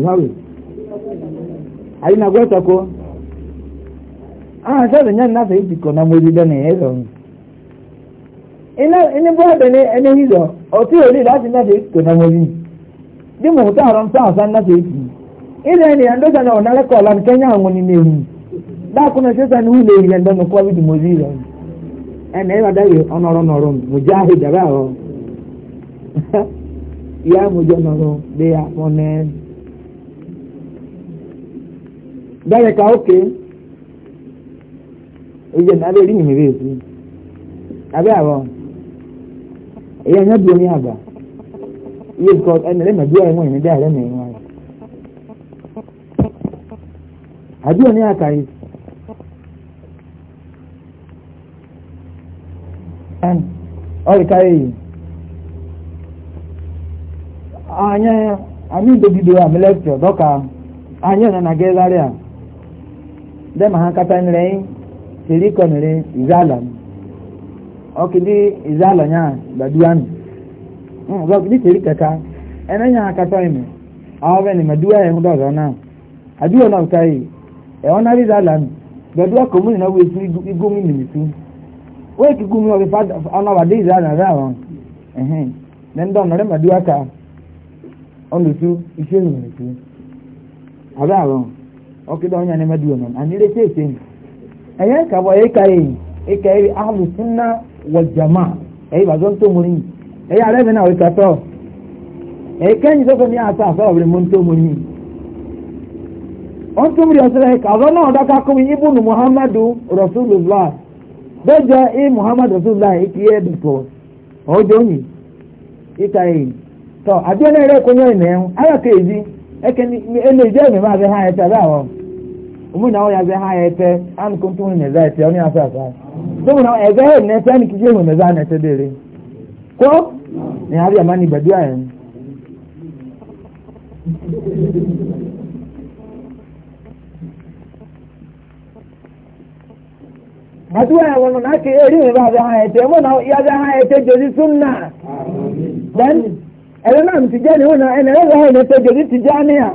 ngawe aina gweta ko ah sasa nyani nasa hizi kona mwezi dane hizo ina ini bwa dane ene hizo oti oli lati nasa hizi kona mwezi di mu ta ran ta san nasa hizi ile ni ando sana onale ko lan kenya ngo ni nehu da kuna sasa ni ule ile ndo kwa bidu mwezi hizo ene ba dai onoro noro mujahid ba o ya mujonoro be ya onen bẹ́ẹ̀ ká ókè ìjẹ́ nàbẹ́ rí ìhìn rèé sí abẹ́ àwọ̀ èyí ẹ̀yán bí omi àgbà iye kọ ẹni lẹ́mọ̀ bí ẹ̀mọ́ ìní dá ẹ̀rẹ́ mẹ́rin wọn. àbí òní àkàrí ọ̀rì káyé yìí àyẹ̀ àmì ìdòdìdò àmì lẹ́kítọ̀ dọ́ka àyẹ̀ nana gẹ́gẹ́ rẹ̀ à. dem ha kata nire siriko nire izalam okidi izalanya baduanu mm okidi sirikata enanya ha kata ime ni madua hudo zona na utai e ona izalam badua komuni na wesu igumi ni mitu we kigumi obi fada ona wadi nore madua ka ondutu ni mitu ọkịda onye na emedu onon anyị leche ese ni ẹyẹ nkàbọ ẹyẹ ka eyi ẹka eyi ahlu sunna wọ jama ẹyẹ bàtọ ntomori ẹyẹ arẹbi náà ọyẹ katọ ẹyẹ kẹyìn sọsọ ní asọ asọ ọbẹrẹ mọ ntomori ntomori ọsọ ẹyẹ kazọ náà ọdọka kọmi ibùn muhammadu rasulillah bẹjọ ẹ muhammadu rasulillah ẹkì ẹ dùpọ ọjọ onye ẹka eyi tọ ni umu na ya zai haya ta an kun tun ne zai ta wani asa sa to mu na ya zai ne ta ni kije mu za na ta dare ko ne har ya mani badiya yan Maduwa ya wannan ake eri ne ba zai haya ta mu na ya zai haya ta jeri sunna dan ẹ̀rọ náà ti jẹ́ ni wọn ẹ̀rọ náà ti jẹ́ ni wọn ẹ̀rọ náà ti jẹ́ ni wọn.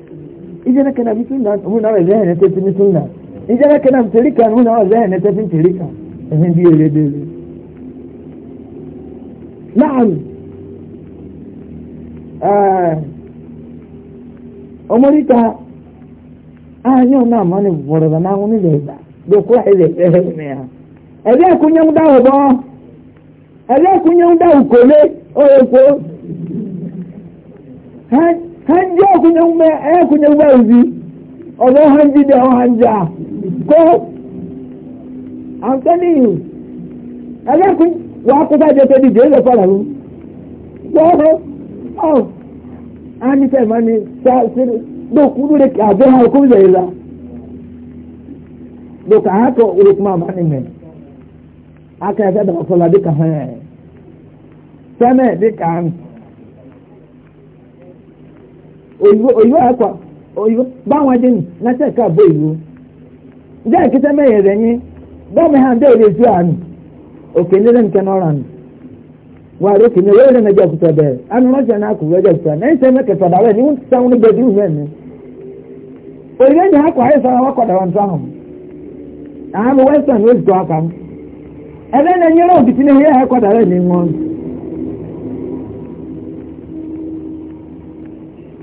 ijana kana bi sunna muna wa zai ne tafi sunna ijana kana tirika muna wa zai ne tafi tirika ehin biye le dele na'am ah omorita ah yo na ma ni da na ngoni le ba do ko hele ehe me ya akunya mu dawo bo akunya mu dawo kole ko ha ha ndị akwụnye ume a eh, ume ozi ọzọ ha dị ndị a ko I'm telling you wà á kópa jẹ́ tóbi dé lọ́pọ̀lọ́ ló gbọ́dọ̀ ọ̀ á ní fẹ́ máa ní sá sílẹ̀ lókun ha kó lè la kọ oyibo akwa oyibo gbanwe dị na cheka abụọ oyibo ndị a nkịta meghere nye dọmi ha ndị ole ezu anụ okenyere nke n'ọrụ anụ wàhálà okenye wẹ́rẹ́ rẹ̀ mẹ́jọ kùtà bẹ́ẹ̀ anú na náà kù rẹ́jọ kùtà náà ṣe mẹ́kẹ̀ tọ̀dà rẹ̀ ní sáwọn onígbẹ̀dì ìwé mi òyìnbó ìjà akọ ayé na wọ́n ahụ western wọ́n ti aka ebe na ha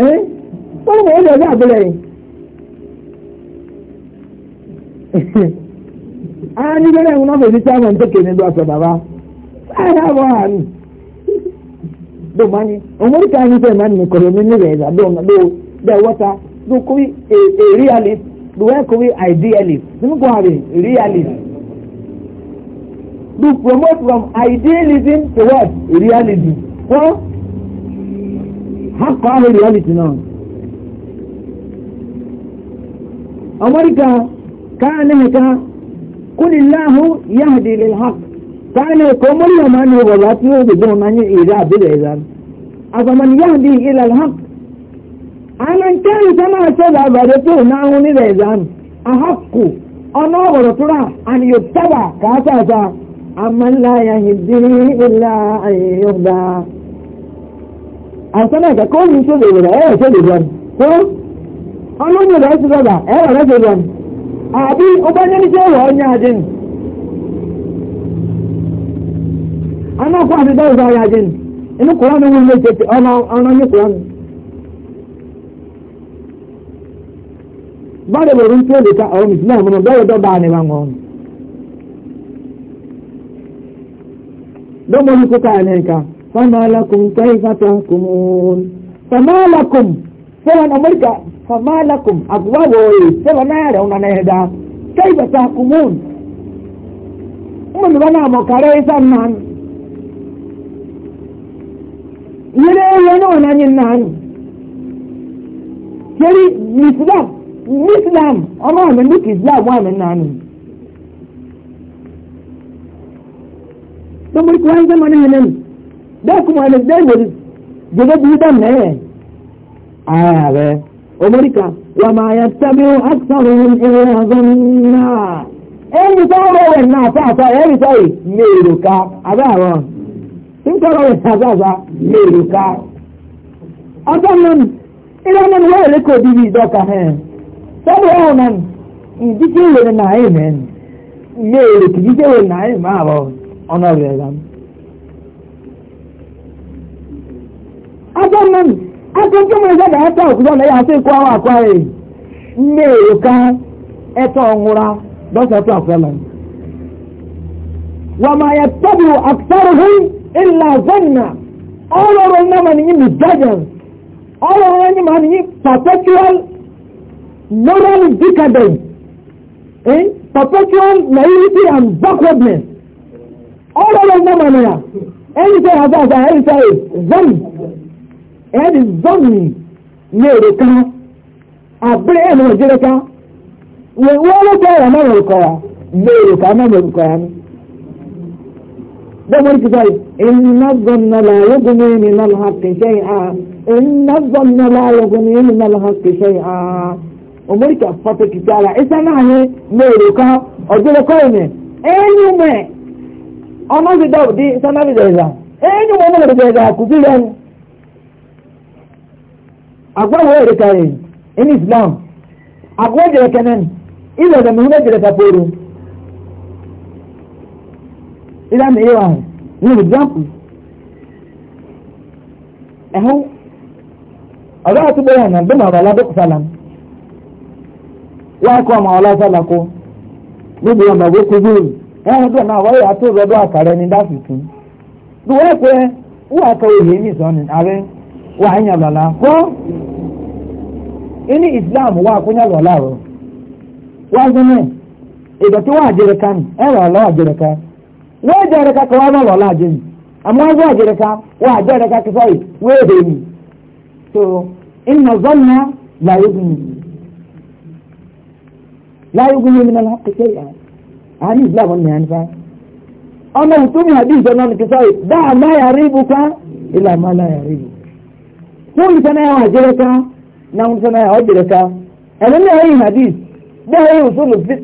eh wọ́n mọ̀ ọ́nà ọjọ́ àbúlẹ̀ yìí ara ní gbẹ́rẹ́ ẹ̀hún náà fèsì sáwọn ń tẹ́kẹ̀ẹ́ nílùú àṣọ bàbá sáyà bọ̀ àánú dò máa ní ọmọdé ká ní sẹ́yìn máa ní kọ̀rọ̀ mi nílẹ̀ ẹ̀dá dị ọ̀nà dò dẹ̀ wọ́ta e, e, dò kó bí èrí alẹ́ dò wẹ́ kó bí àìdíẹ̀lì nínú promote from idealism to what realism. Well, hakọ̀ ahụ reality náà amurka káà ní ẹ̀ka kúnìláhù yáhàdì lè hak káà ní ẹ̀kọ́ mọ́rí ọmọ ní ọgbọ̀lá tí ó gbogbo ọmọ ní ìrẹ́ àbílẹ̀ ìrẹ́ àgbàmọ̀ ni yáhàdì ilẹ̀ hak àwọn kẹ́rì sọ́mọ́ àṣẹ́lẹ̀ àbàdẹ tó náà ń nílẹ̀ ìrẹ́ àhakù ọmọ ọ̀rọ̀ tóra àníyàn tábà kàásáàsá àmọ́ ńlá yahìdì ilẹ̀ ayé yọ̀gbà àìsàn ẹ̀kẹ́ kó ní ṣe lè rẹ̀ ẹ̀rẹ̀ ṣe lè rẹ̀ tó ọlọ́nyẹ̀ rẹ̀ ṣe rọ̀bà ẹ̀rẹ̀ rẹ̀ ṣe rẹ̀ àbí ọgbẹ́ni ṣe rọ̀ ọ̀nyẹ̀ àjẹ́ni anáfọ́ àti dọ́ọ̀dọ́ ọ̀yẹ̀ àjẹ́ni فما لكم كيف تحكمون فما لكم فما أمريكا فما لكم أقوابه فما نعرف أن نهدا كيف تحكمون من بنا مكاريسا نان يلي ينون أن نان يلي الإسلام الإسلام أما من ذلك الإسلام ومن نان ثم يقول هذا من هنن bẹ́ẹ̀ kúmọ̀ ẹni bẹ́ẹ̀ wòlí jẹ́gẹ́ bí dá mẹ́ẹ̀. ara rẹ̀ omorika wà máa yẹ tẹ́bí àtàwọn ohun ẹ̀rọ ọ̀gbọ́n náà. ẹni tó rọ̀ wẹ̀ náà fáfá ẹni tó yìí mèrò ká abẹ́ àwọn. tí ń tọrọ wẹ̀ náà fáfá mèrò ká. ọjọ́ náà ilé ọmọ mi wọ́n lè kó bíbí ìdọ́ka hẹ́n. sọ́dọ̀ ọ̀hún náà ìdíje ìwé náà ẹ̀ mẹ́rin mèrò kìdíje ìwé náà ẹ̀ máa rọ ọ̀nà rẹ̀ lánàá. afọ mmanu afọ ntoma ẹsẹ da ẹtọ ọkùnrin ọlẹ yà sẹ kó àwọn akọ ayé nne èyíká ẹtọ ọhúnra dọsẹ ẹtọ àfẹlẹ wàmà yẹ tọbi àkùsọrọhún ìlà zọnà ọlọrọ nnọọma nìyí mìdájàn ọlọrọ nnọọma nìyí perpetual moral decadence eh? perpetual naivety and backwardness ọlọrọ nnọọma nìyà ẹni sẹ yà ẹni sẹ yà ẹ̀ẹ́dì zọ́ọ̀nì ní èrè kan àbúrẹ́ ẹ̀mọ̀ ìjẹ́rẹ́ kan wọ́n ló jẹ́ ẹ̀rọ mẹ́rin ìkọ̀yà lé èrè kan mẹ́rin ìkọ̀yà ni. bẹ́ẹ̀ mo ní kíkọ́ ìnà zọ́ọ̀nà làwọ́gùn ní ìnà lọ́ha kìṣẹ́ ìhà ìnà zọ́ọ̀nà làwọ́gùn ní ìnà lọ́ha kìṣẹ́ ìhà òmùrìkà fọ́tò kìkọ́ ara ìṣẹ́ náà ní lé èrè kan ọ̀dúnrẹ́ kọ́ ẹ̀mẹ̀ ẹ̀ẹ́nì mẹ́ ọmọ ti dọ̀ agwagwo yare kare in islam agwagwo jere kenan ila da muhimman jere taforo ila mai yawa yin example ẹ̀hún ọ̀rọ̀ àti na náà bí màá ọ̀làdó sálà wọ́n kọ́ ọmọ ọ̀là sálà kó níbi ọmọ ìwé akara ndị wà á yàn lọ́la kó inú islam wà kó yàn lọ́la o wà á gbẹ́mẹ̀ ìdọ̀tí wà á jẹrẹ kan ẹ rọ̀ lọ́wọ́ jẹrẹ kan wọ́n jẹrẹ kan kọ́ wà á lọ́la jẹ mi àmọ́ wọ́n wà jẹrẹ kan wà á jẹrẹ kan kíkọ́ yìí wọ́n èdè mi so inú zọ́nà láyé gùn mi láyé gùn mi ní ọlọ́ kẹsẹ́ yà á ní islam ọ̀nà yà ọmọ ìtumí àdìsọ náà ní kíkọ́ yìí dáa má yà ibùkún ilà má láyà rí ibùkún. hún sẹ́nà ẹ̀ hàjẹ́rẹ́ ká náà hún sẹ́nà ẹ̀ hàjẹ́rẹ́ ká ẹ̀mí ní ẹ̀yìn hadith bẹ́ẹ̀ ẹ̀yìn òṣòlù fik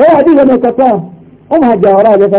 ẹ̀yìn hadith lọ́nà kẹta ọmọ àjà ọ̀rọ̀ àjẹsà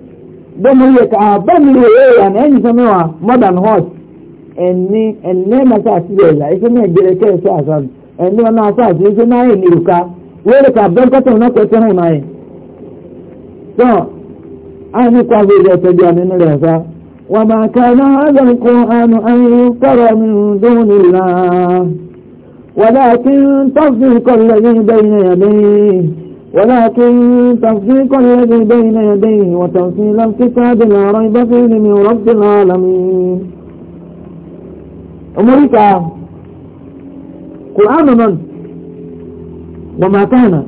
bọ́mọlẹ̀ ká bọ́mọlẹ̀ èèyàn ní ẹ̀yìn sọ́nà modern hot ẹni ẹni mẹ́ta ẹ̀yà ẹ̀ṣẹ́ náà gbèrè kẹ́ ẹ̀ṣẹ́ ẹni wọn náà sọ náà èlè òka wẹ́rẹ́ ká bọ́ńkọ́tọ̀ náà kọ́ ẹ̀ṣẹ́ náà sọ ولكن تصديق الذي بين يديه وتوصيل الكتاب لا ريب فيه من رب العالمين أمريكا قرآن من وما كان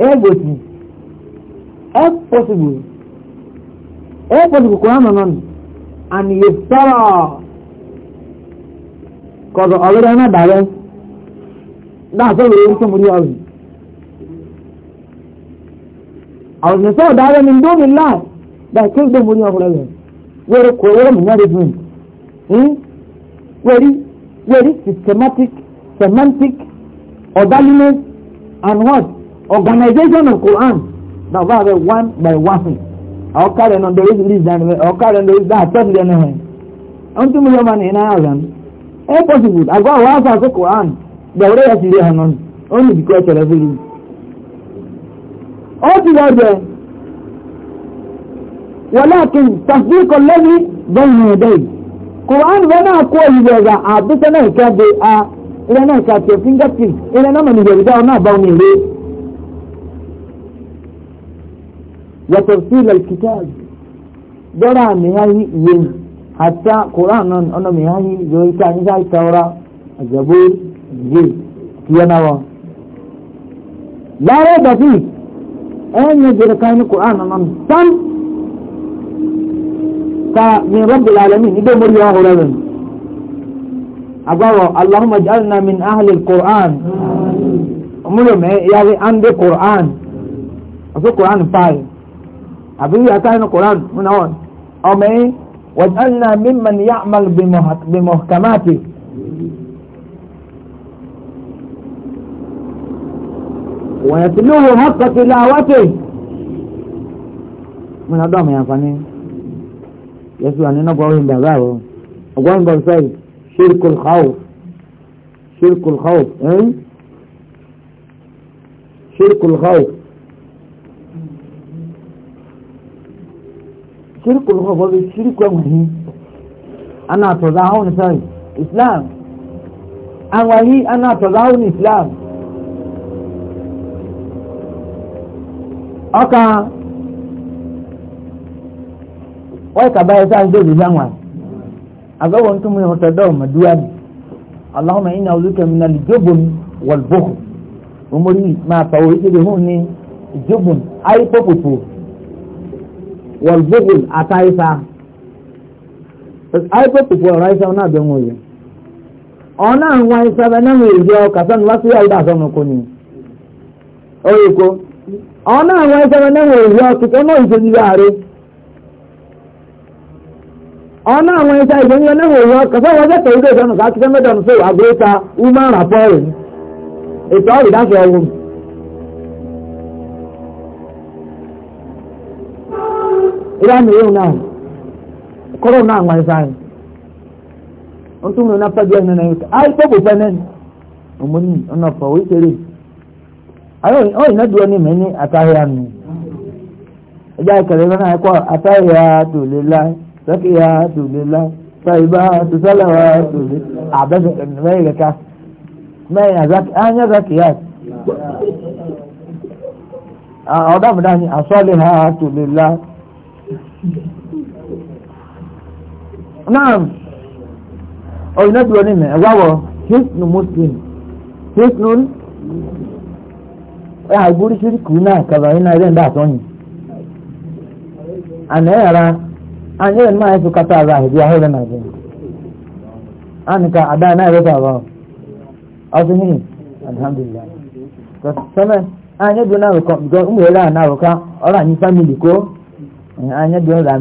everything as possible as possible قرآن من أن يفترى قد أولي أنا بعد ده أصبر يمكن مريع أولي àwọn ènìyàn sọ̀rọ̀ dáwọ́ ní ndómi láì dáì kí n gbé mo ní ọkùnrin rẹ̀ wẹ́rẹ́ kò wẹ́rẹ́ mi náà rẹ̀ dùn wẹ́rí wẹ́rí systematic semantic orderliness and what organization of quran na ọba rẹ̀ one by one ọ̀kárẹ̀ náà dọ̀rọ̀ ìdílé ìdáni rẹ̀ ọ̀kárẹ̀ náà dá àtọ́jú ẹni rẹ̀ ọ̀n tí mo possible àgọ́ àwọn àṣà àṣọ quran dọ̀rọ̀ yẹ ti rí ẹ̀ hàn náà ó ní أوتي هذا ولكن تصديق الذي بين يديه قرآن وانا أقوى إذا أعبت أنا كده إلى أنا كده فينجا فين إلى أنا من يجب أنا بوني ليه وترسيل الكتاب درا مهاي ين حتى قرآن أنا مهاي يوي كان جاي تورا الزبور جي كيانوا لا ريب فيه أين جركان القرآن من صم من رب العالمين إذا مرياه لهم أبوا اللهم اجعلنا من أهل القرآن أمرهم يعني عندي قرآن أصل قرآن فاي أبي أتاين القرآن من هون أمي واجعلنا ممن يعمل بمحكماتك ويتلوه حق تلاوته من أدام يا فني يسوع أننا قوين باباه قوين بابسي شرك الخوف شرك الخوف إيه؟ شرك الخوف شرك الخوف هذا الشرك ومهي أنا أتوزعون سوي إسلام أولي أنا أتوزعون إسلام ọka wọ́n kaba ẹ̀ sáà gbèsè sáwọn agbẹ́wò ntúmù ní ọ̀tọ̀dọ̀ ọ̀mọ̀dúwà ni aláhùnmá iná olùkẹ́ mi náà lìjọ́bùn wọ̀lbọ́kù omori máa fà orí kéde hùn ní ìjọ́bùn ayé pọ̀pọ̀pọ̀ wọ̀lbọ́kù àtàyífà ayé na ọ̀rọ̀ ayífà náà na wọ̀ yẹn ọ̀nà bụ ayífà na náà ọ na-anwa ezere na enwere ihe ọtụtụ ọ nọghịzi ihe arụ ọ na-anwa ịsa ihe ihe na enwere ihe ọtụtụ ọ wọzọ tọrọ ịdọ nọ ka akụkọ mmadụ nọ sọ agụ ịta ume nrapọ ọrụ etu ọ rịda sọ ọnwụ ịra na ewu na kọrọ na anwa anyị ntụ na na na kpọpụ ọ ina duwa ni mẹni atahia mi ẹja ìkẹlẹ lọnà ẹkọ atahia tòlélá sọkìyà tòlélá sọyìnbá tòsálàwà tòlé àbẹsẹ mẹyìn kẹka mẹyìn anya sọkìyà ọdọmọdé ni asọlẹ ha tòlélá. naam ọ ina duwa ni mẹ ẹwà wọ hisnu muslim hisnu. ẹ̀hà gbóríṣirí kù na kàbà yín náà ẹ̀rẹ́ǹdà àtọ́yìn àná ẹ̀yàrá ahụ. náà ẹ̀fọ́ kátà àrà àhìbí ahẹ́rẹ́ náà bẹ̀rẹ̀ ànìkà àdá náà ẹ̀rẹ́ bàbá ọtún yìí alhamdulilah sọmẹ anyẹ́dùn náà rọ̀kọ̀ bìkọ́ ńwé rà náà rọ̀ká ọ̀rọ̀ àyín fámìlì kó anyẹ́dùn rà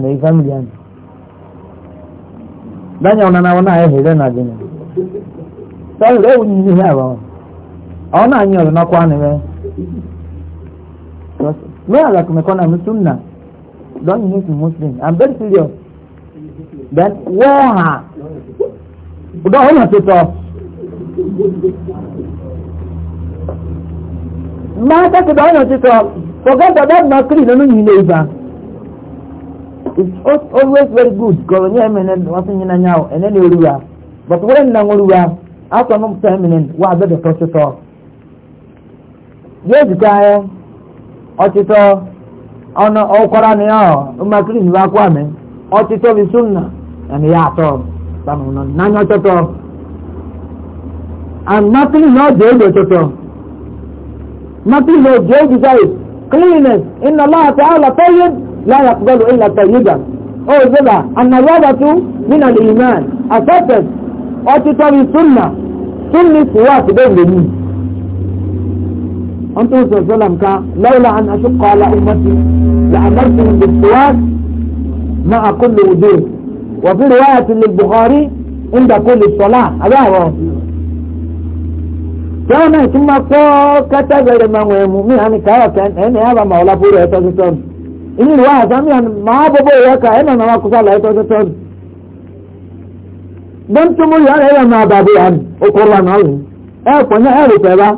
sọ Where are like I'm Sunnah. Don't hate Muslim. I'm very serious. Then where? Don't hold to talk. Matter to don't to talk. Forget about mockery. No, no, you know It's always very good. Go near me and what's But when na going to after no time, why better talk ga-ejikọ ahịa ọchịchọ ọnụ ọkwara na ya ọ mmasịrị nyiwe akwa mee ọchịchọ bụ sunna na ya atọ n'anya ọchọtọ and masịrị na ọ dị elu ọchọtọ masịrị na ọ dị elu zai cleanness inna allah ta'ala tayyib la yaqbalu illa tayyiban o zeba annarabatu min al-iman accepted ọchịchọ bụ sunna sunni kuwa ti bẹ́ẹ̀ lè أن توصل سلم كان لولا أن أشق على أمتي لأمرتهم بالسواك مع كل وجوه وفي رواية للبخاري عند كل الصلاة هذا هو كان ثم كتب لمن مؤمن يعني كايا كان أنا هذا ما ولا فوري أتوسطون إن رواية سامي ما بابا يكا أنا ما كسر لا أتوسطون دم تمر ما بابي أنا أقرأ نعم أه كنا أعرف هذا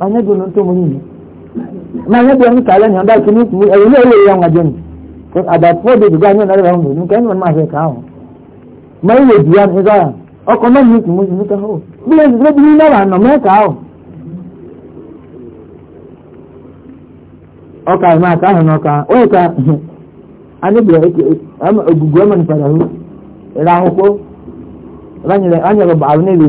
anyago no to muni na anyago ni kala ni anda kini ku e eh, le le yang ajeni ko ada po de ga ni na ba mu ni kan man ma he ka o mai le dia ni ga o ko man ni ku mu ni ka ho bi le bi ni na ba no me ka o o ka ma ka ho no ka o ka anyago e am ogugu man para ho ko ranyere anyere ba ne le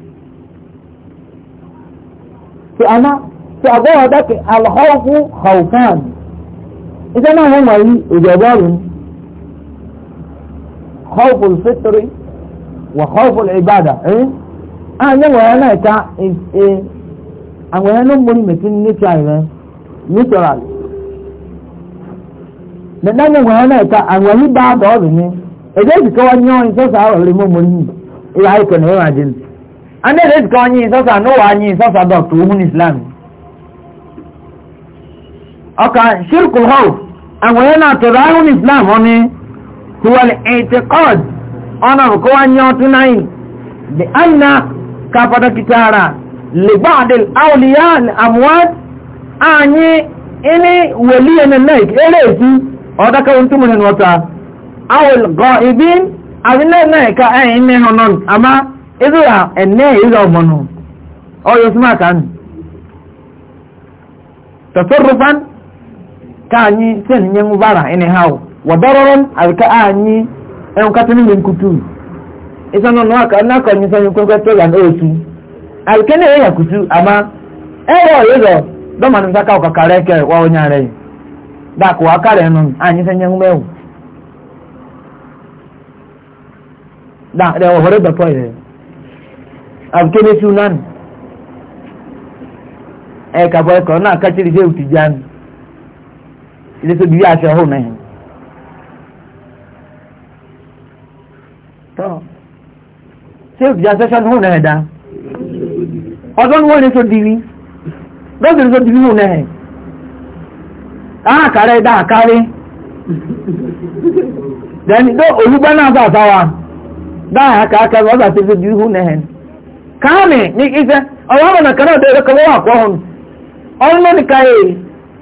to ana to agora da ke alhawfu khawfan idan nan mun wani ijabaru e khawf al ibada eh an nan wani e ta eh an wani nan mun mutum ne e ta ne neutral na nan nan wani ta an wani ane lezi ka onye sọsa n'ụwa anyị sọsa dọkta ohun islam ọka shirkul hau anwere na tụrụ ahụn islam ọnụ huwal itikọd ọnọrọ kọwanye ọtụ naị dị anna ka pàtàkìtara ligbadil auliya al'amuwat anyị ini waliya na naik erezi ọdaka ntumulin wata awul gọ ibin abin na naika ẹyin ne honon amma ịzụra ene ịza ọgbọnọ ọyọ smart anụ tatarrufan ka anyị sin nye ngwara ịnị ha wa dararan alka anyị ẹn kata nínú nkutu ìsọnà nù aka nà onye nyisa nyukwu nkwetọ ya n'otu alka na eya kutu ama ẹwọ ịzọ dọmanụ nsaka ọkakara eke wa onye ara ya dàkụ akara ẹnu anyị sin nye ngwara ẹwụ da ẹwọ hore dọpọ ya abukele sunan ẹ kàbọ ẹkọ náà kàtìrì ṣe òtì jáde ilé tó dìbí aṣọ ọhún náà tọ ṣé òtì jáde ṣẹṣẹ ọhún náà dá ọdún wọn ni tó dìbí lọ́sẹ̀ tó dìbí ọhún náà ààkàrẹ dáàkárí dẹni tó olúgbẹ́ náà sàtàwà dáàkàkàrẹ ọ̀sà tí ó dìbí ọhún náà kaami ní iṣẹ́ ọlọ́run nìkan náà bẹ̀rẹ̀ kọ́ wà akwọ ọ̀hún ọlọ́run ní káyé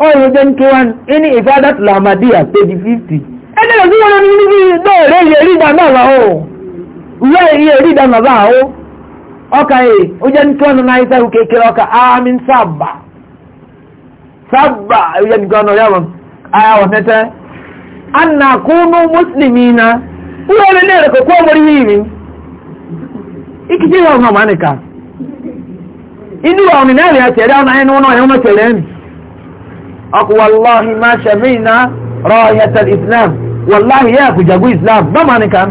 ọ̀hún jẹ́ ní kíwá ní ìfádà tó làmàdíyà page fifty ẹni lọ sí wọn ní níbi náà rẹ iye rí ìdáná na o ìwé iye rí náà ọkà yìí ó jẹ́ ní náà ọkà sábà sábà ó jẹ́ ní náà yàrá tẹ́tẹ́ anakunu mùsùlùmí náà wọ́n ikiti ihe ọ̀nà ọ̀mà inú ọ̀nà náà rẹ̀ tẹ̀lé ọ̀nà ẹnu ọ̀nà ẹ̀hún tẹ̀lé ẹ̀mí ọkùwàláhì máa ṣẹ̀mí iná rọ̀ọ̀yẹ̀tẹ̀ islam wàláhì yẹ́ àkùjàgbó islam bọ́mà nìkan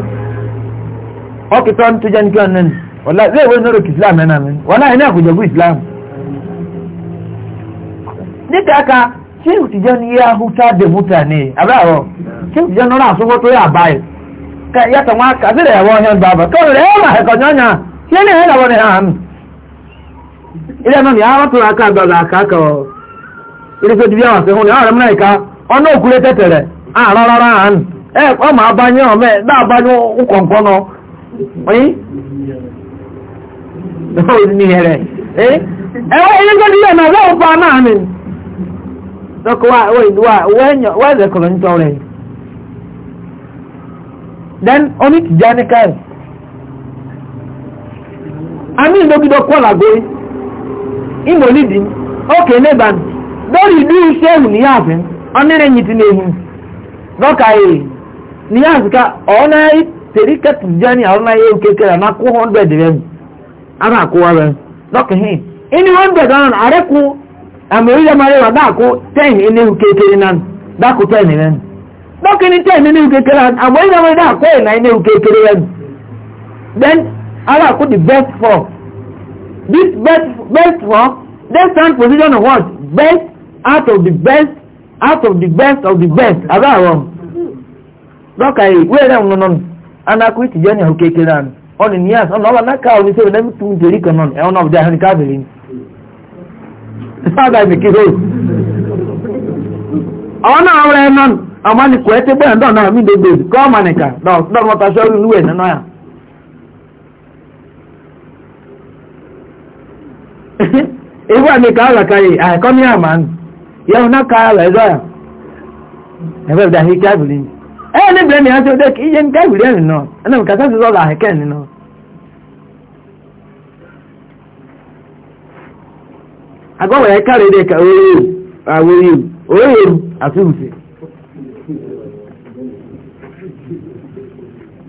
ọkìtọ́ tó jẹ́ nìkan nínú wàláhì léèwé kì islam ẹ̀nà mi wàláhì ní àkùjàgbó islam níkàkà ṣé òtìjọ́ ni yẹ́ ahúta dèmúta ni ka yata nwa ka ya wọ́n hẹ́n bàbá tó rẹ̀ ẹ́ mà ẹ̀kọ́ nyọ́nyà ṣé ní ẹ̀rọ ni hàn. ilé àwọn tó ra ilé tó àwọn ìka òkúlé rárá hàn mà dá nọ. ilé tó then oní tìjáni káyì àmì ok kọ́là gbé ìmọ̀lídìí ókè nébàn lórí ìlú iṣẹ́ ìhù níyàfẹ́ onírẹ̀yìn ti léhùn lọ́kà èyí níyàfíkà ọ̀nà ìtẹ̀ríkẹ́ tìjáni àwọn ẹ̀yẹ kékeré àná kó hundred rẹ̀ ara àkówá rẹ̀ lọ́kà hìn inú hundred ọ̀nà àrẹ́kù àmì orílẹ̀-èdè máa rẹ̀ wà dáàkó ten inú kékeré náà dáàkó ten rẹ̀ dọ́kìnrin tẹ́ ní ewu kékeré hàn àmọ́ ìyá wọn náà kọ́ ìnáyí ní ewu kékeré hàn then allah put the best for this best best for they stand position of what best out of the best out of the best of the best àbá àwọn dọ́kà yìí wíwẹ̀ náà ń nọ́nù anakú ìtìjọ́ ní ewu kékeré hàn ọ̀nà ní àṣà ọ̀nà ọba náà ká omi sẹ́wọ̀n náà tún jẹ̀rí kan náà ẹ̀wọ̀n náà ọ̀dẹ́ àhẹ́ni káàbìrì ni. sábà ìbìkí rẹ̀ ọ̀nà àwọn ẹ̀ náà ama ni kwete bwana ndo na mimi ndo kama nika ndo ndo mtashauri niwe na naya ewa ni kala kai ah komi aman ya una kala ezo ya ebe da hi kabuli eh ni blame ya de ki yen kabuli no ana mkasa zo la heken no agwa wa ya kare de ka oyi awori oyi asuuse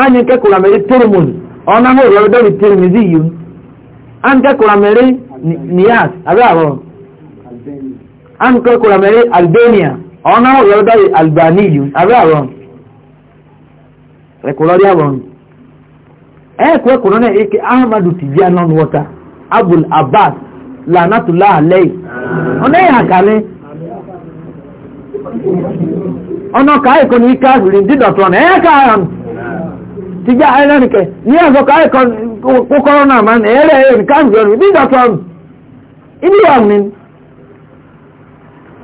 anyị nke kụra mere termon ọ na ahụ ụlọ dọrị termizi yi anyị nke kụra mere nias abịa abụọ anyị nke kụra mere albania ọ na ahụ ụlọ dọrị albani yi abịa abụọ ekwụrọ ya abụọ ekwe kwụrụ na ike ahmadu tibia nọ n'ụwọta abul abbas lanatullah alayhi ọ na-eyi akali ọ na ọka ịkọ n'ike ahụrụ ndị dọtụrụ na ya ka e ahụ tìjà ẹlẹ́nìkẹ́ ní àzọkọ̀ ẹ̀kọ́ kókọ́rọ́ náà máa ní ẹ̀rẹ́ ẹ̀rẹ́ káàkiri bí dọ̀tọ̀ ibi yà ní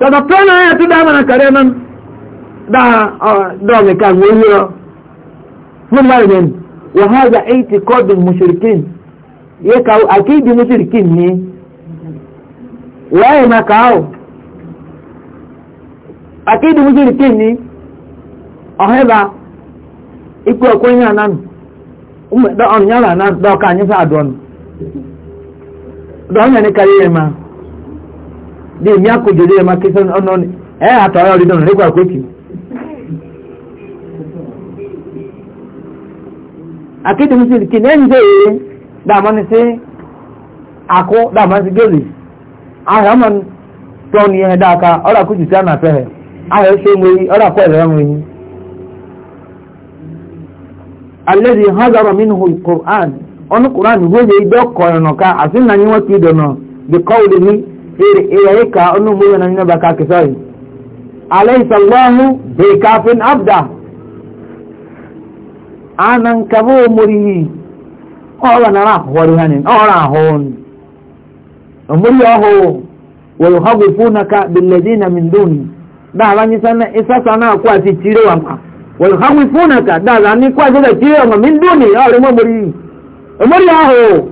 dọ̀tọ̀ tó náà yà tó dáa máa kàrẹ́ náà dáa dọ̀mì káàkiri wọ́n yọ fún láì nẹ́ni wọ́n há ya eighty kọ́ọ̀dù mùsùlùkìn yẹ ká àkéèdè mùsùlùkìn ọ̀hẹ́bà ikú ẹ̀kọ́ yín ànánu ọ̀nà yàrá ànánu dọ́ọ̀ka àyín fún àdọ́nu dọ́ọ̀nà ní kárí yẹn ma di èmi àkójọ yẹn máa kéṣẹ́ ọ̀nà ẹ̀ àtọ̀ ọ̀rọ̀ rí dọ̀nà nígbà akéde mi sì kì ní dààmú ni sí dààmú sí ọmọ tọ́ni ẹ̀ dáka ọ̀rọ̀ sí ẹ̀ ń ọ̀rọ̀ ń alladhi hadara minhu alquran ọnụ quran hoje ido koyono ka na nyiwa pido no bi qawlihi ir ilayka onu muwe ka kisai alaysa abda na ra hori hanin ora hon omuri oho wa yuhawifunaka billadina min duni da banyi sana na sana kwa wayuhawifunaka dala ni kwa zile jio ma min duni ale mo muri omuri aho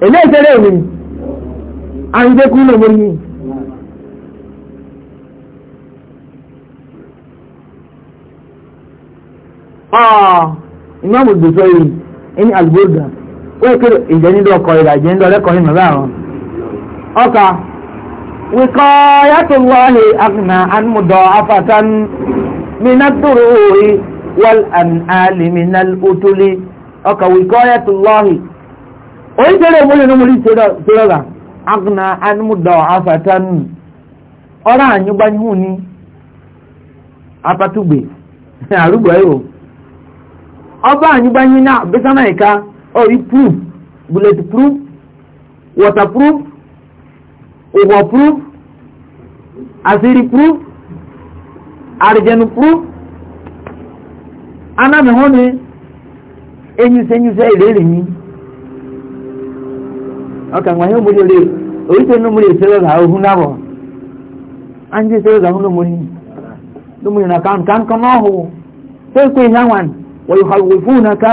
ele tere ni anje ku no muri ah imam al-busairi in al-burda o kero ijeni do ko ira من الدروع والأنآل من الأتل أكا وقاية الله ويجري مولي نمولي سيرا أغنى عن مدعفة ọ̀rá àyúgbáyú ní apatúgbè àrúgbò ẹ̀rọ ọba àyúgbáyú náà bísánà ìka orí proof bullet proof waterproof overproof àṣírí proof àrìjẹnu kú anámihàn ni enyusẹnyusẹ ìrèrè yìí ọkàn wọn yóò múlò lè oríṣi inú múlò ìṣẹlẹ ọgá ohun náàbọ anjí ìṣẹlẹ ọgá ohun lómúlò lómúlò náà kàn kàn kàn náà hù fẹkọ ìyáwọn wọ ìhàwọ fún náà ká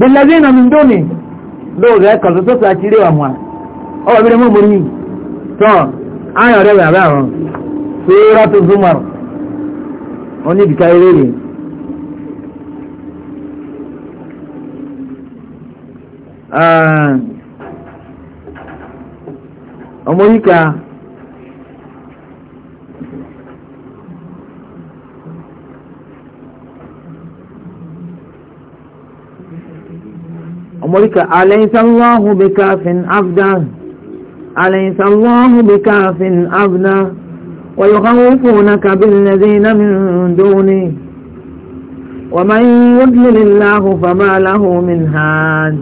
bẹlẹbí náà mi dóni lóòrè kàtó tó sàkírí wà wọn ọwọ bí wọn mú mi tọ ayọ rẹ wà bá wọn suratu zumar wọ́n ní ìdíkà eré ni. ọmọ yìí ká. أمرك أليس الله بكاف عبدا أليس الله بكاف عبدا ويخوفونك بالذين من دونه ومن يضلل الله فما له من هاد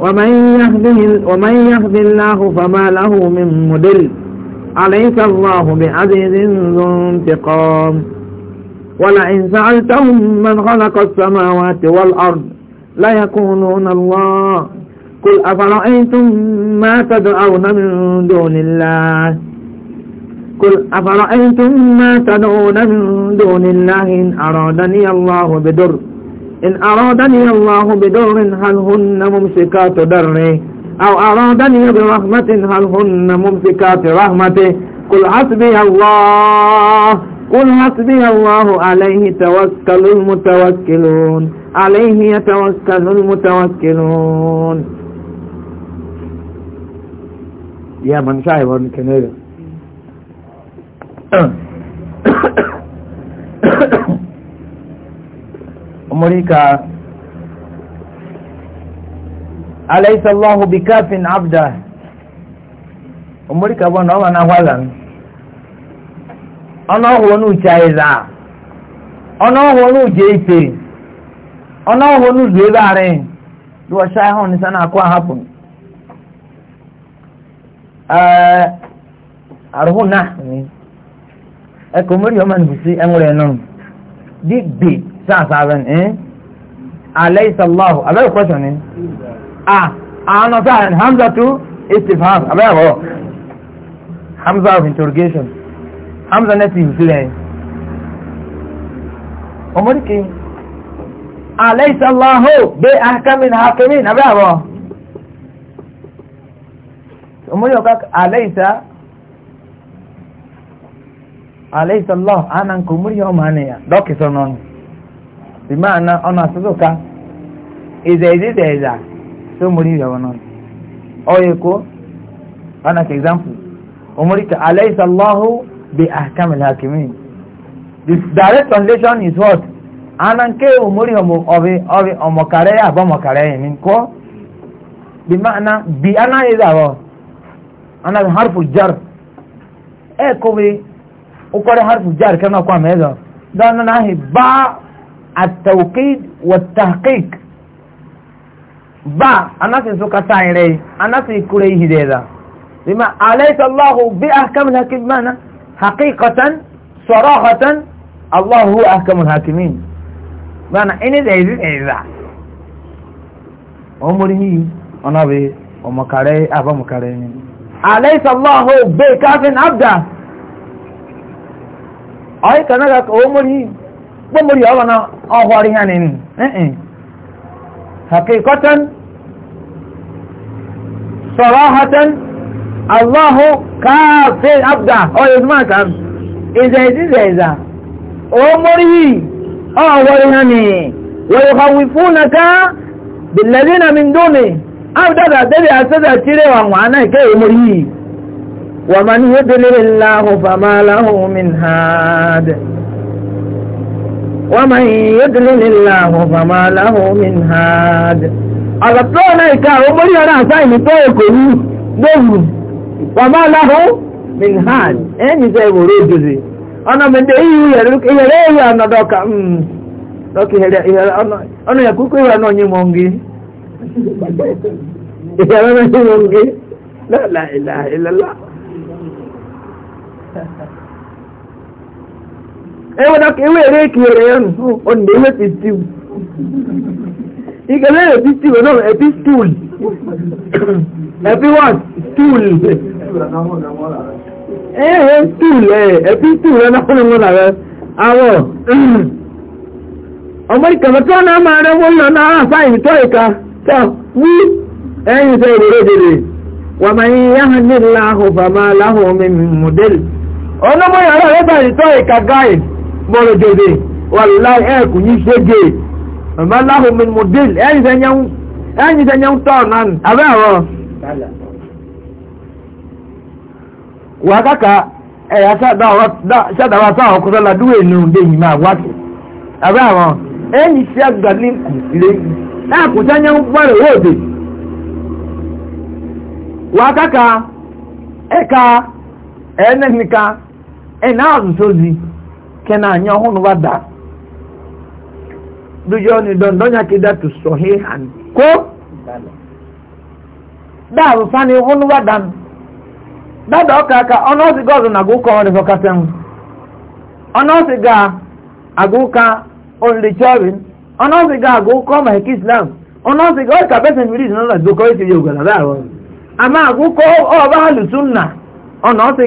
ومن يهد ومن الله فما له من مدل عليك الله بعزيز ذو انتقام ولئن سألتهم من خلق السماوات والأرض ليكونون الله قل أفرأيتم ما تدعون من دون الله قل أفرأيتم ما تدعون من دون الله إن أرادني الله بدر إن أرادني الله بدر هل هن ممسكات دري أو أرادني برحمة هل هن ممسكات رحمتي قل حسبي الله قل حسبي الله عليه توكل المتوكلون عليه يتوكل المتوكلون يا من شاهد كنيرة umurika alaysa allahu bikafin abda umurika bwana ọba na hwalan ọnụ ọhụụ n'uche ịza ọnụ ọhụụ n'uche ife ọnụ ọhụụ n'uzu ebe arị dụwa shaa ahụ nisa na-akụ ahapụ ẹkọ mori ọmọ nìbùsí ẹnwúrẹ nù di bi sáàsà rẹ ní aláìsàláhù abẹ́rẹ́ kọ́sọ̀ ni a àánú sáà hamza tu istifam abẹ́rẹ́ wọ hamza of interrogation hamza native sílẹ̀ ọmọdéke aláìsàláhù bẹ́ akamin hakimin abẹ́rẹ́ wọ ọmọdé ọkọ aláìsàláhù alayhi sallahu ana nkumuri yao maanaya dokiso nono bimaana ono asuduka iza iza iza iza so muri yao nono oye ko ana ka example umuri ka alayhi sallahu bi ahkam al hakimin direct translation is what ana nke umuri homo obi obi omokare ya bomokare ni ko bimaana bi ana iza ho ana harfu jar ekobi وقال حرف الجار كما قام هذا ده أنا ناهي باع التوكيد والتحقيق باع أنا في سوكا تايري أنا في كريه ديدا بما أليس الله بأحكم الحكيمين حقيقة صراحة الله هو أحكم الحاكمين معنى إن ذا إذا عمره أنا به ومكاري أبا مكاري أليس الله بكاف عبده ọ̀yí kanáà kò ó mórí gbọ́mórí ọ̀wọ̀ náà ọ̀họ́rí hàn nínú ẹ̀ẹ́n hakikatan sarahatan allahu káàfin abda ọ̀yẹ̀ ìsúnmọ́ kan ìzẹ̀ ìzẹ̀ ìzà ó mórí ọ̀họ́rí hàn ní wọ́n kọ̀wé fún aka bìlẹ̀dínà mi dóni abdada dẹ́bi àṣẹ́dà tirẹ̀ wà wọn náà kéèyàn mórí yìí ومن يضلل الله فما له من هاد ومن يضلل الله فما له من هاد أغطونا إكاه ومن يرى سائل كوني دوم وما له من هاد أين زي ورجزي أنا من دعيه يرلك إيريه أنا دوكا Lọ́kì ọ̀nà ìyàkúkú ìwà náà yìí mọ́ ń gé. Ìyàwó náà yìí mọ́ ń gé. Lọ́la ìlà ìlàlá. ewe dọka ewe ere ekinyere ya nụ ọ na ewe festiv ike mere epi stiv ọdọ epi stool epi what stool ee stool ee epi stool ẹ náà wọn nàrẹ awọ ọmọ ìkàmọtọ náà máa rẹ wọn lọ náà fáyìn tó ìka tó wí ẹyin sọ èrè dèrè wàmà yín yáhà nílá ahùfàmà láhùn mi mọdẹlì ọlọmọ yàrá rẹ bá ìtọ ìka gáyìí. mọ́rọ̀ dèdè wàláì ẹ̀ kò ṣége ọ̀bá láhùn mi ẹ̀yìn tẹ́ ń tọ́ náà abẹ́ ọ̀rọ̀ wà káka ẹ̀yà ṣàdáwà sáà ọkọ̀ sọ́la dúró dé yìí máa abẹ́ ọ̀rọ̀ ẹ̀yìn ń wóde wà ẹ̀ka ẹ̀ẹ́nẹ́nìka ẹ̀ náà kena anya ọhụrụ wada dujo ni dondonya kidatu sahihan ko da bu hunu wadan da da ka ka ono si gozo na guko oni fo katem ono si ga aguka on the ono si ga aguko islam ono si ga ama ono si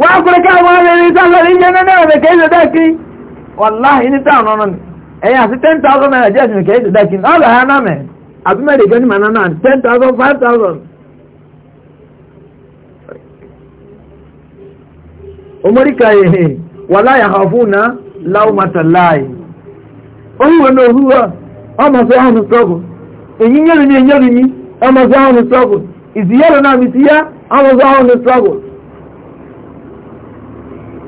Wa kúrẹ́ kí àwọn arìnrìn sálọ́rí ń jẹ́ náà rẹ̀ kìí ṣe dákí wàláhì ní táwọn ọ̀nà mi ẹ̀yìn àti ten thousand naira jẹ́ ìsìn kìí ṣe dákí ọ̀rọ̀ ha náà mẹ́ àbí mẹ́rin ìgbẹ́ ní màná ten thousand five thousand. omori kàyè wàláhì àhàfún náà láwùmátà láàyè ni mi ma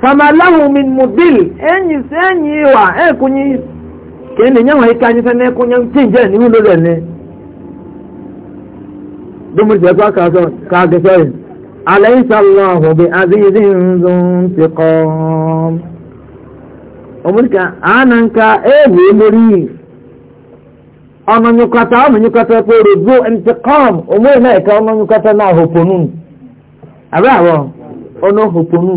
fama lahu min mudil enyi se e kunyi ke nyawa e kanyi kunya tinje ni wulo le dumur je ka ka so alaysa allah bi azizin zun tiqam ananka ọmọ nyukata ọmọ nyukata ẹ̀ka ọmọ nyukata náà hòpónú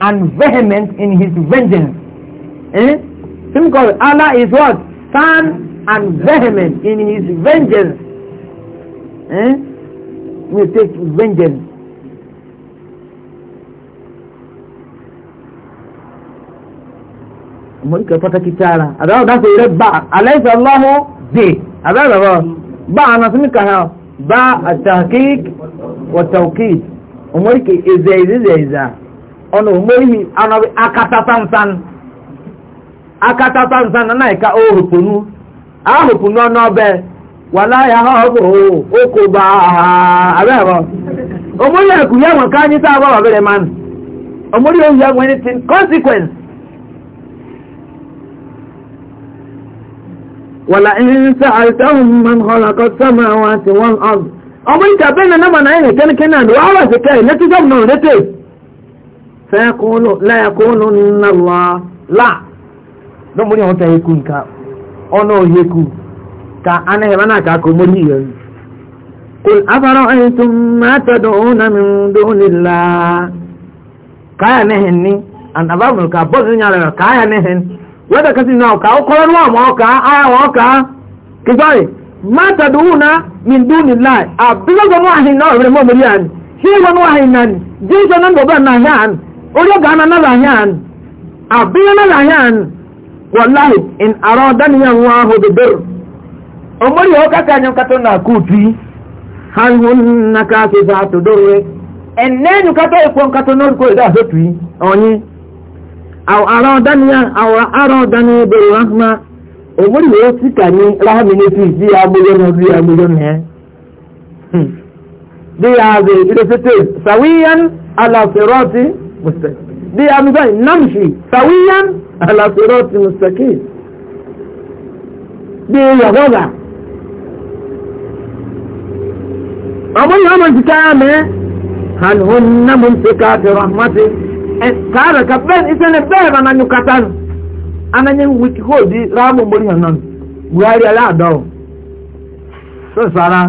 and vehement in his vengeance. Eh? Because Allah is what? Stern and vehement in his vengeance. Eh? We take vengeance. mọ̀lùkẹ́ pàtàkì tààrà àdáwọ̀ dáṣe rẹ̀ bá aláìsà aláhọ́ dé àdáwọ̀ bá anasíníkà ha bá àtàkík wàtàkík ọmọlùkẹ́ ìzẹ̀ ìzẹ̀ ìzẹ̀ ọnụ òmóhì anọ̀bí akatatansan akatatansan nana ìka òhùpùnú ahùpùnú ọ̀nà ọbẹ̀ wà láyà ọ̀bù ókò bá abẹ́ ẹ̀rọ òmóhì ẹ̀kú yẹ wọn ká ní sáà bọ́ bàbá rẹ̀ mánu òmóhì òhì ẹ̀wọ̀n ní ti consequence. wàlà ìrìnsà àìsàn mọ̀n sẹ́kúnlò lẹ́ẹ̀kúnlò nínú lọ́wọ́ láà lọ́mọdé àwọn tẹ̀yẹ kú nǹkan ọ̀nà òye kú ka anáyẹ̀mọ́ náà kà kó mórí yẹn. kò afárá ẹ̀yìn tó máa tẹ̀dọ̀ òun náà mi dùn nílá káyà nẹ́hìn ní àbábùn ká bọ́ọ̀sì ní àlẹ́ káyà nẹ́hìn wẹ́dà kẹsì náà ká ó kọ́rọ́ níwọ̀n àwọn ọ̀ká ayà wọn ọ̀ká kìsọ́rì máa tẹ̀dọ̀ òun náà mi dùn nílá àbílẹ̀ onye ga-ana nalahian abịa bụ wallahi in arọ daniel nwa ahụ bebere omori ọka ka anyị nkata na akuti ha ihu nna ka asịsa atụdoro enne enyu kata ikwo nkata n'orukọ ede azotu onye arọ daniel arọ daniel ma rahma omori wee si ka anyị rahama n'efi isi ya agbụghọ na ozi ya agbụghọ na ya hmm. dị ya azụ idosete sawiyan ala sirọti مستقيم دي أمضاء نمشي سويا على صراط مستقيم دي يغضى أقول لهم أنت هل هن ممسكات رحمته kààrẹ̀ ka bẹ́ẹ̀ iṣẹ́ ni bẹ́ẹ̀ bá na nyuka tán ananyẹ wiki kó di ráàmù mórí hàn náà buhari aláàdọ́ sọ sára.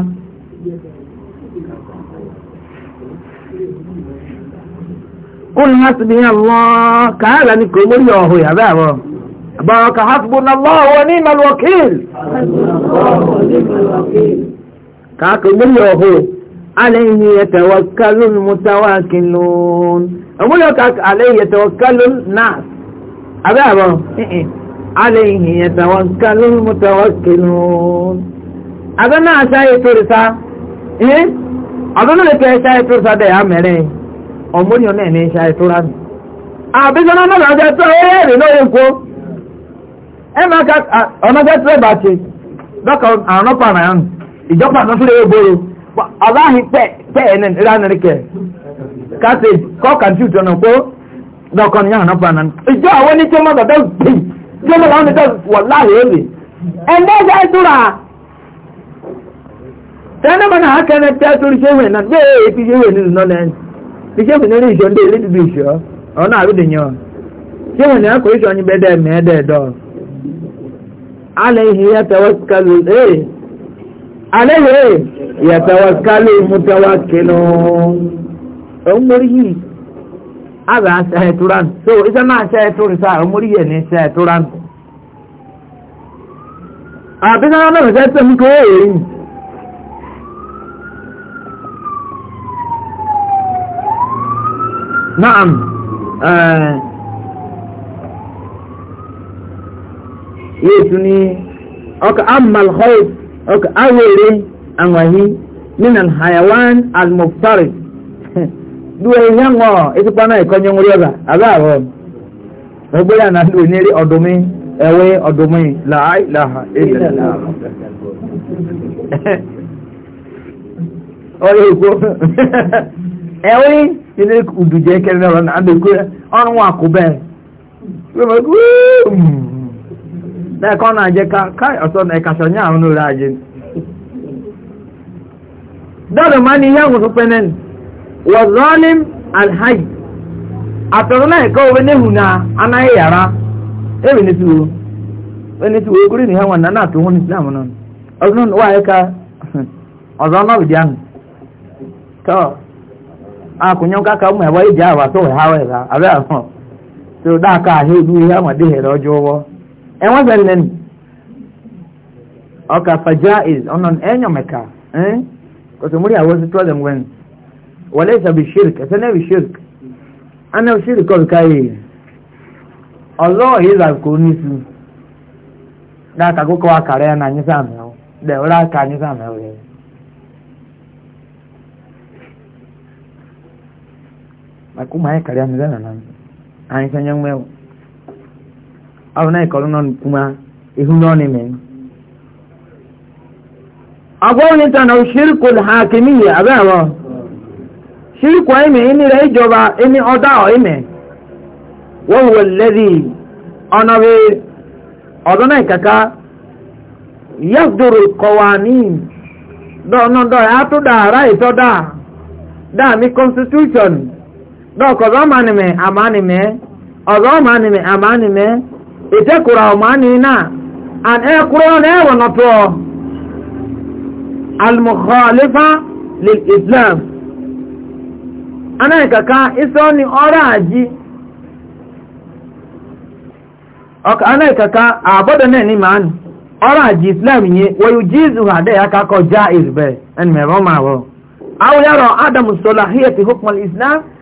قل حسبي الله كهذا نكون اليوه يا بابا بارك حسبنا الله ونعم الوكيل كاكم اليوه عليه يتوكل المتواكلون أقول لك عليه يتوكل الناس أبابا عليه يتوكل المتوكلون أبنا أشاهد ترسا إيه أبنا لك أشاهد ترسا ده يا مرين ọmọnìyàn náà ní iṣẹ́ àìtúrà mi àbíjọ́nà náà lájẹ́ tó ẹ̀rẹ́ rẹ̀ lórí nǹkó ọ̀nàjẹ́ tó ẹ̀bà ṣe lọ́kọ̀ àrùnọ́pà náà ìjọba àtúntúrẹ́ egbòrò aláhi pẹ́ ẹ̀ ránirikẹ̀ káṣe kọ́kàntì ìtọ́nà pé lọ́kọ̀ ní àrùnọ́pà ìjọ àwọn ní tí ó mọ́tò tó tẹ́tùrú ṣéwìn náà gbé èyí ti ṣéwìn nínú náà lẹ́yìn ti ṣe fún ilé ìṣọ́ ndé ilé bíbí ìṣọ́ ọ̀nà àrídìyàn ṣe fún ìyá kò ìṣọ́ ní bẹ́ẹ̀dẹ̀ mẹ́ẹ̀dẹ̀ dọ̀ aláìhì yàtọ̀wọ́kálù mútawákìlù ọmọríyì àbá ṣẹ́ẹ̀túrán so ìṣẹ́ náà ṣẹ́ẹ̀túrì sáà ọmọríyì ní ṣẹ́ẹ̀túrán àbíṣẹ́ náà mẹ́rin ṣẹ́ẹ̀túrì kò wọ́n èyí نعم آه يتني أك أما الخوف أك أولي أنوهي من الحيوان المفترس dúró ìyẹn wọn ìtúpa náà ìkọjú ń rí ọ̀gá àbáwọ̀ ọgbẹ́yà náà lò ní rí ọ̀dùnmí ẹ̀wẹ́ ọ̀dùnmí làáìláha ilẹ̀ làá ọ̀rẹ́ ìkó ewe yene uduje kere na ran ande ko onu wa ko be we mm. na ko na je ka kai ka so nya onu ra mani yangu so penen wa zalim al hayy atona e ko we ne yara e we ne tu we ne tu na na islam non ka akụnye nka ka mma ewa iji awa so ha wera abịa ahụ so da aka ahụ egwu ihe ama dị here ọjọọ ụwọ enwebere nenu ọka faja is ọnọ enyo meka eh kote muri awo si problem wen wale isa bi shirk ese ne bi shirk ana shirk kọlu ka yi ọzọ ihe za ko da aka kọkọ akara ya na anyị sa mẹwụ da ụlọ aka anyị sa mẹwụ ya akuma ya kari amizana nani anyisa nyangweo awo na ikọlu nọ kuma ihu nọ ni mẹ agbawo ni tana o shirku hakimi ya abe awọ shirku ayi mẹ ini rẹ ijọba ini ọda ọ imẹ wọ́n wọ lẹ́dí ọ̀nà bí ọ̀dọ́ náà kàkà yàtòrò kọ̀wà ní dọ̀ọ̀nà dọ̀ọ̀ yàtò dáa ráìtọ́ dáa dáa mi constitution. dọk ọzọ ma anime ama anime ọzọ ma anime ama anime etekwuru ọma anime na an ekwuru na ewe nọtụ almukhalifa lil islam anaghị kaka iso ni ọrụ aji ọka anaghị kaka abọdọ na ni ma ọrụ aji islam nye wayo jizu ha dị aka kọjaa irbe ẹni mẹrọ ma wọ awụyarọ adamu solahiyeti hukmal islam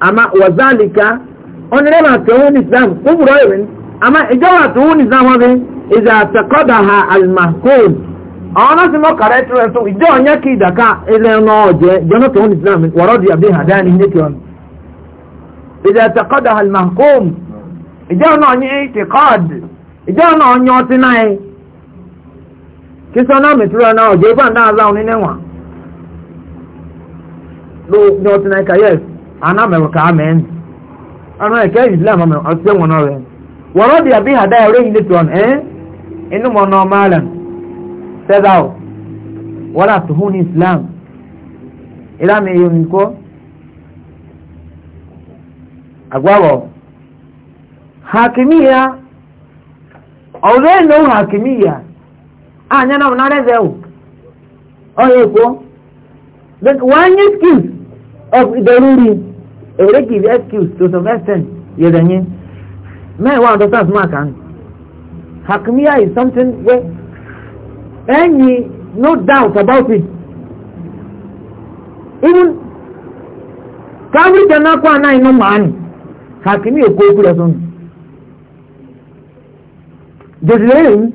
ama wazalika onere ma to n'islam, islam kubro even ama ijawa to hun islam wa bi iza taqadaha al mahkum ona si mo kare to ile no je jono to wọrọ dị wa radi bi hadani ne ki on na ebe a na ka yes ana mẹwọ amen mẹn ọ̀nà ẹ̀kẹ́ islam ọmọ ọ̀sẹ̀ wọn ọ̀rẹ́ wọ́rọ́ di àbí àdá ẹ̀rọ yìí lẹ́tọ̀ ọ̀nà ẹ̀ inú mọ̀ ọ̀nà ọmọ alẹ̀ sẹ́dá ọ̀ wọ́n islam ìlànà èyí ni kọ́ àgbàwọ̀ hakimiya ọ̀rẹ́ ìlú hakimiya na ọ̀nà rẹ̀ zẹ̀ ọ̀ ọ̀yẹ̀ kọ́ wọ́n ní skills of ìdọ̀rúurí. ere give excuse to some extent yedanye men wa understand mark and hakmiya is something where any no doubt about it even kawri jana kwa na ino maani hakimi eko oku ya sonu jesileyin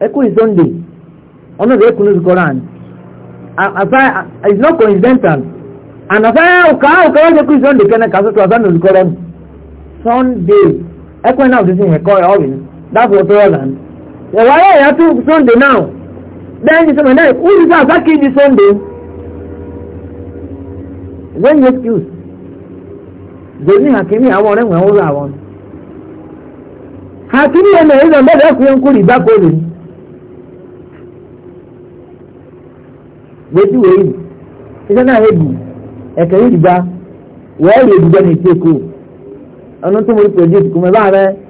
eku is sunday ọ̀nà ìrẹ́kùnrin kọ́ra ni as i it's not coincidental anafanya ukao ukawaje kuizo ndikene kaso twazana ulikolon sunday ekwena uzisi hekoe obin dafu otoyolan ya yatu sunday now then you say na uri sa saki di sunday then you excuse zoni hakimi awon re wen ora awon hakimi ene izo mbele ku yen kuri ba ko wetu weyi izo na hebi ẹ̀kẹ́ yìí dìgbà wẹ́ẹ̀rì òdìgbà ní ìtẹ́kù ọ̀nà tó mo rí pẹ̀lú ìtìkú mẹ́ bá rẹ̀